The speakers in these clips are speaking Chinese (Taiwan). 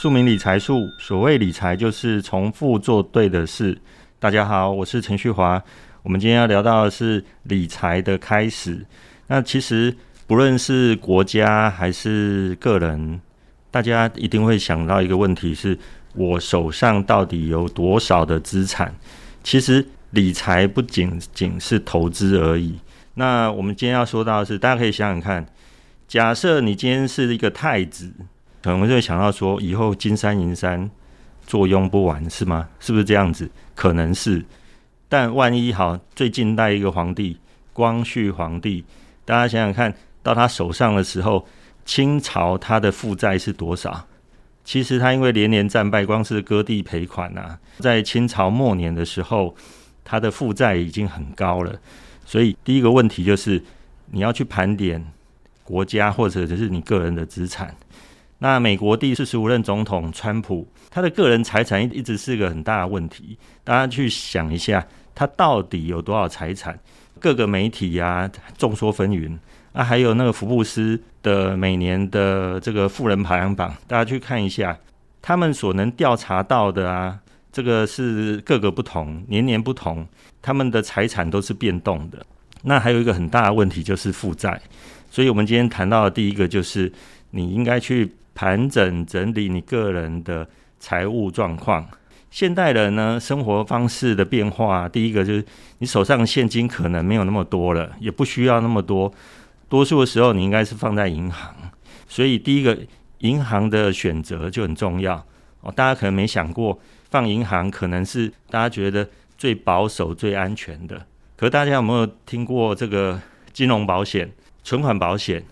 庶民理財術，所謂理財就是重複做對的事。大家好，我是陳旭華。我們今天要聊到的是理財的開始。那其實不論是國家還是個人，大家一定會想到一個問題是，我手上到底有多少的資產？其實理財不僅僅是投資而已。那我們今天要說到的是，大家可以想想看，假設你今天是一個太子。可能就會想到說，以後金山銀山坐擁不完是嗎？是不是這樣子？可能是，但萬一好，最近代一個皇帝光緒皇帝，大家想想看到他手上的時候，清朝他的負債是多少？其實他因為連年戰敗，光是割地賠款吶、啊，在清朝末年的時候，他的負債已經很高了。所以第一個問題就是，你要去盤點國家或者就是你個人的資產。那美國第四十五任總統川普，他的個人財產一直是一個很大的問題。大家去想一下，他到底有多少財產？各個媒體呀，眾說紛紜。啊，還有那個福布斯的每年的這個富人排行榜，大家去看一下，他們所能調查到的啊，這個是各個不同，年年不同，他們的財產都是變動的。那還有一個很大的問題就是負債。所以我們今天談到的第一個就是，你應該去。盤整整理你個人的財務狀況。現代人呢，生活方式的變化啊，第一個就是你手上現金可能沒有那麼多了，也不需要那麼多。多數的時候，你應該是放在銀行。所以，第一個銀行的選擇就很重要。哦，大家可能沒想過，放銀行可能是大家覺得最保守、最安全的。可是大家有沒有聽過這個金融保險、存款保險？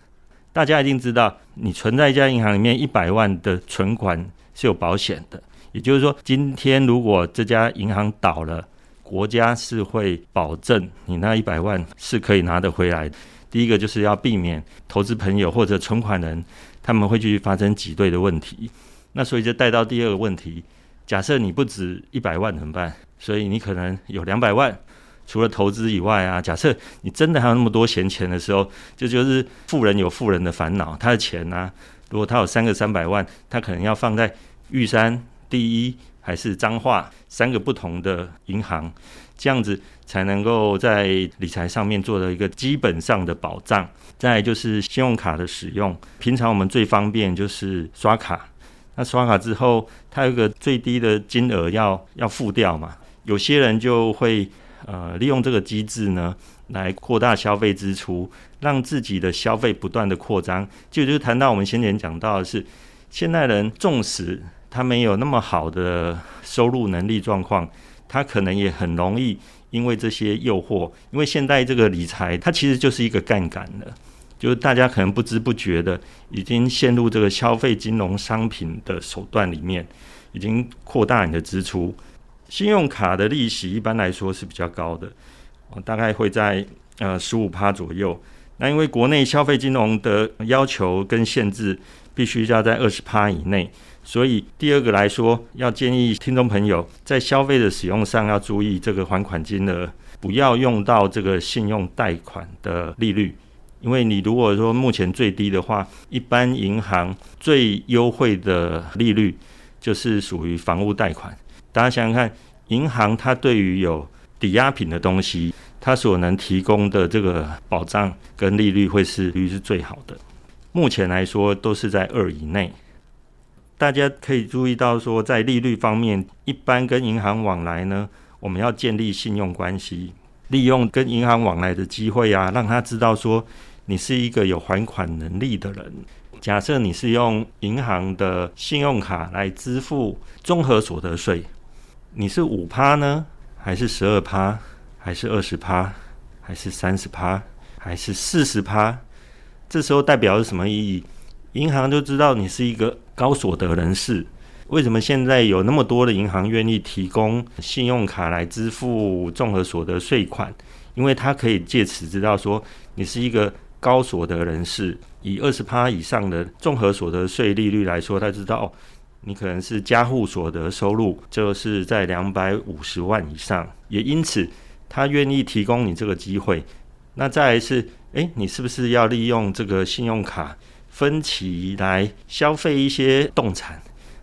大家一定知道，你存在一家銀行裡面一百萬的存款是有保險的，也就是說，今天如果這家銀行倒了，國家是會保證你那一百萬是可以拿得回來的。第一個就是要避免投資朋友或者存款人，他們會繼續發生擠兌的問題。那所以就帶到第二個問題，假設你不止一百萬怎麼辦？所以你可能有兩百萬。除了投資以外啊，假設你真的還有那麼多閒錢的時候，就就是富人有富人的煩惱，他的錢啊，如果他有三個三百萬，他可能要放在玉山，第一還是彰化三個不同的銀行，這樣子才能夠在理財上面做到一個基本上的保障。再來就是信用卡的使用，平常我們最方便就是刷卡，那刷卡之後，它有一個最低的金額要要付掉嘛，有些人就會。呃，利用這個機制呢，來擴大消費支出，讓自己的消費不斷的擴張。就就談到我們先前講到的是，現代人縱使他沒有那麼好的收入能力狀況，他可能也很容易因為這些誘惑，因為現代這個理財，它其實就是一個槓桿了，就是大家可能不知不覺的已經陷入這個消費金融商品的手段裡面，已經擴大你的支出。信用卡的利息一般來說是比較高的，大概會在呃十五趴左右。那因為國內消費金融的要求跟限制，必須要在二十趴以內。所以第二個來說，要建議聽眾朋友在消費的使用上要注意，這個還款金額不要用到這個信用貸款的利率，因為你如果說目前最低的話，一般銀行最優惠的利率就是屬於房屋貸款。大家想想看，銀行它對於有抵押品的東西，它所能提供的這個保障、跟利率會是利率是最好的。目前來說都是在二以內。大家可以注意到說，在利率方面，一般跟銀行往來呢，我們要建立信用關係，利用跟銀行往來的機會啊，讓他知道說你是一個有還款能力的人。假設你是用銀行的信用卡來支付綜合所得稅。你是五趴呢，還是十二趴，還是二十趴，還是三十趴，還是四十趴？這時候代表著什麼意義？銀行就知道你是一個高所得人士。為什麼現在有那麼多的銀行願意提供信用卡來支付綜合所得稅款？因為他可以借此知道說你是一個高所得人士。以二十趴以上的綜合所得稅利率來說，他知道。你可能是家戶所得收入就是在兩百五十萬以上，也因此他願意提供你這個機會。那再來是，哎，你是不是要利用這個信用卡分期來消費一些動產？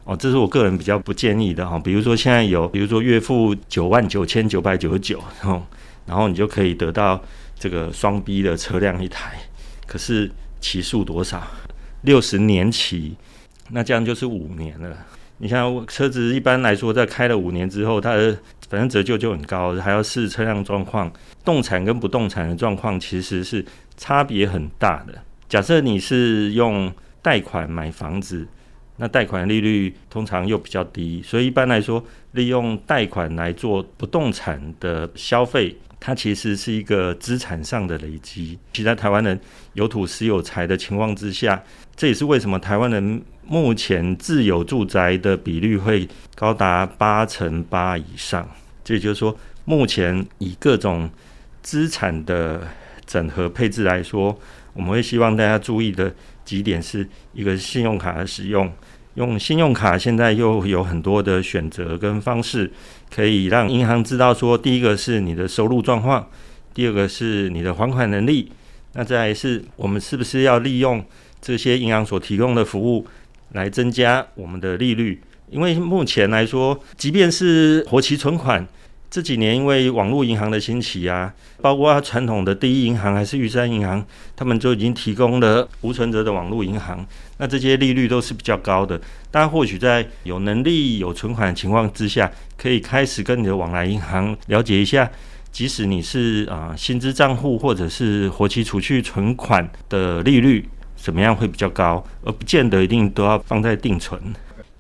哦，這是我個人比較不建議的哈、哦。比如說現在有，比如說月付九萬九千九百九十九，然後然後你就可以得到這個雙 B 的車輛一台。可是期數多少？六十年期。那這樣就是五年了。你像車子，一般來說在開了五年之後，它的反正折舊就很高，還要視車輛狀況。動產跟不動產的狀況其實是差別很大的。假設你是用貸款買房子。那貸款利率通常又比較低，所以一般來說，利用貸款來做不動產的消費，它其實是一個資產上的累積。其實在台灣人有土斯有財的情況之下，這也是為什麼台灣人目前自有住宅的比率會高達八成八以上。這也就是說，目前以各種資產的整合配置來說，我們會希望大家注意的幾點是一個信用卡的使用？用信用卡現在又有很多的選擇跟方式，可以讓銀行知道說：第一個是你的收入狀況，第二個是你的還款能力。那再來是，我們是不是要利用這些銀行所提供的服務來增加我們的利率？因為目前來說，即便是活期存款。這幾年因為網絡銀行的興起啊，包括傳統的第一銀行還是玉山銀行，他們就已經提供了無存摺的網絡銀行。那這些利率都是比較高的，大家或許在有能力有存款的情況之下，可以開始跟你的往來銀行了解一下，即使你是啊薪資賬戶或者是活期儲蓄存款的利率怎麼樣會比較高，而不見得一定都要放在定存。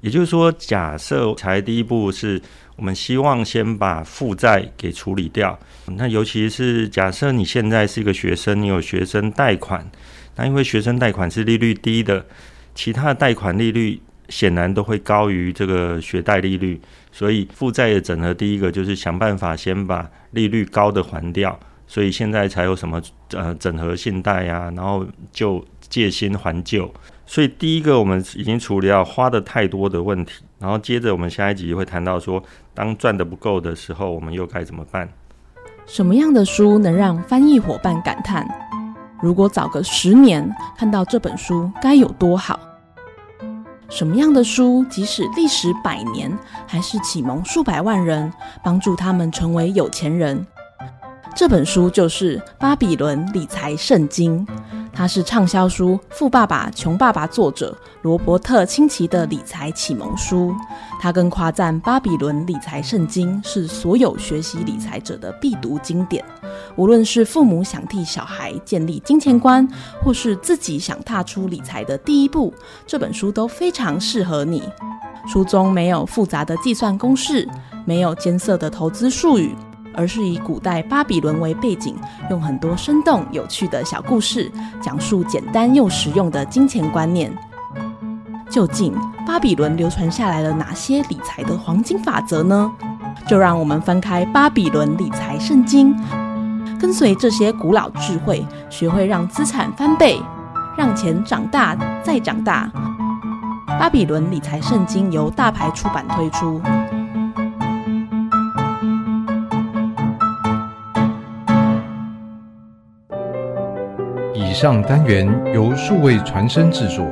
也就是說，假設才第一步是。我們希望先把負債給處理掉。那尤其是假設你現在是一個學生，你有學生貸款，那因為學生貸款是利率低的，其他的貸款利率顯然都會高於這個學貸利率，所以負債的整合，第一個就是想辦法先把利率高的還掉。所以現在才有什麼呃整合信貸呀、啊，然後就借新還舊。所以第一個，我們已經處理要花的太多的問題。然後接着，我們下一集會談到說，當賺的不夠的時候，我們又該怎麼辦？什麼樣的書能讓翻譯夥伴感嘆？如果早個十年看到這本書，該有多好？什麼樣的書，即使歷史百年，還是啟蒙數百萬人，幫助他們成為有錢人？這本書就是《巴比倫理財聖經》。它是暢銷書《富爸爸窮爸爸》作者羅伯特清崎的理財啟蒙書。他更誇讚《巴比倫理財聖經》是所有學習理財者的必讀經典。無論是父母想替小孩建立金錢觀，或是自己想踏出理財的第一步，這本書都非常適合你。書中沒有複雜的計算公式，沒有艱澀的投資術語。而是以古代巴比倫為背景，用很多生動有趣的小故事，講述簡單又實用的金錢觀念。究竟巴比倫流傳下來了哪些理財的黃金法則呢？就讓我們翻開《巴比倫理財聖經》，跟隨這些古老智慧，學會讓資產翻倍，讓錢長大再長大。《巴比倫理財聖經》由大牌出版推出。讓單元由數位傳聲製作。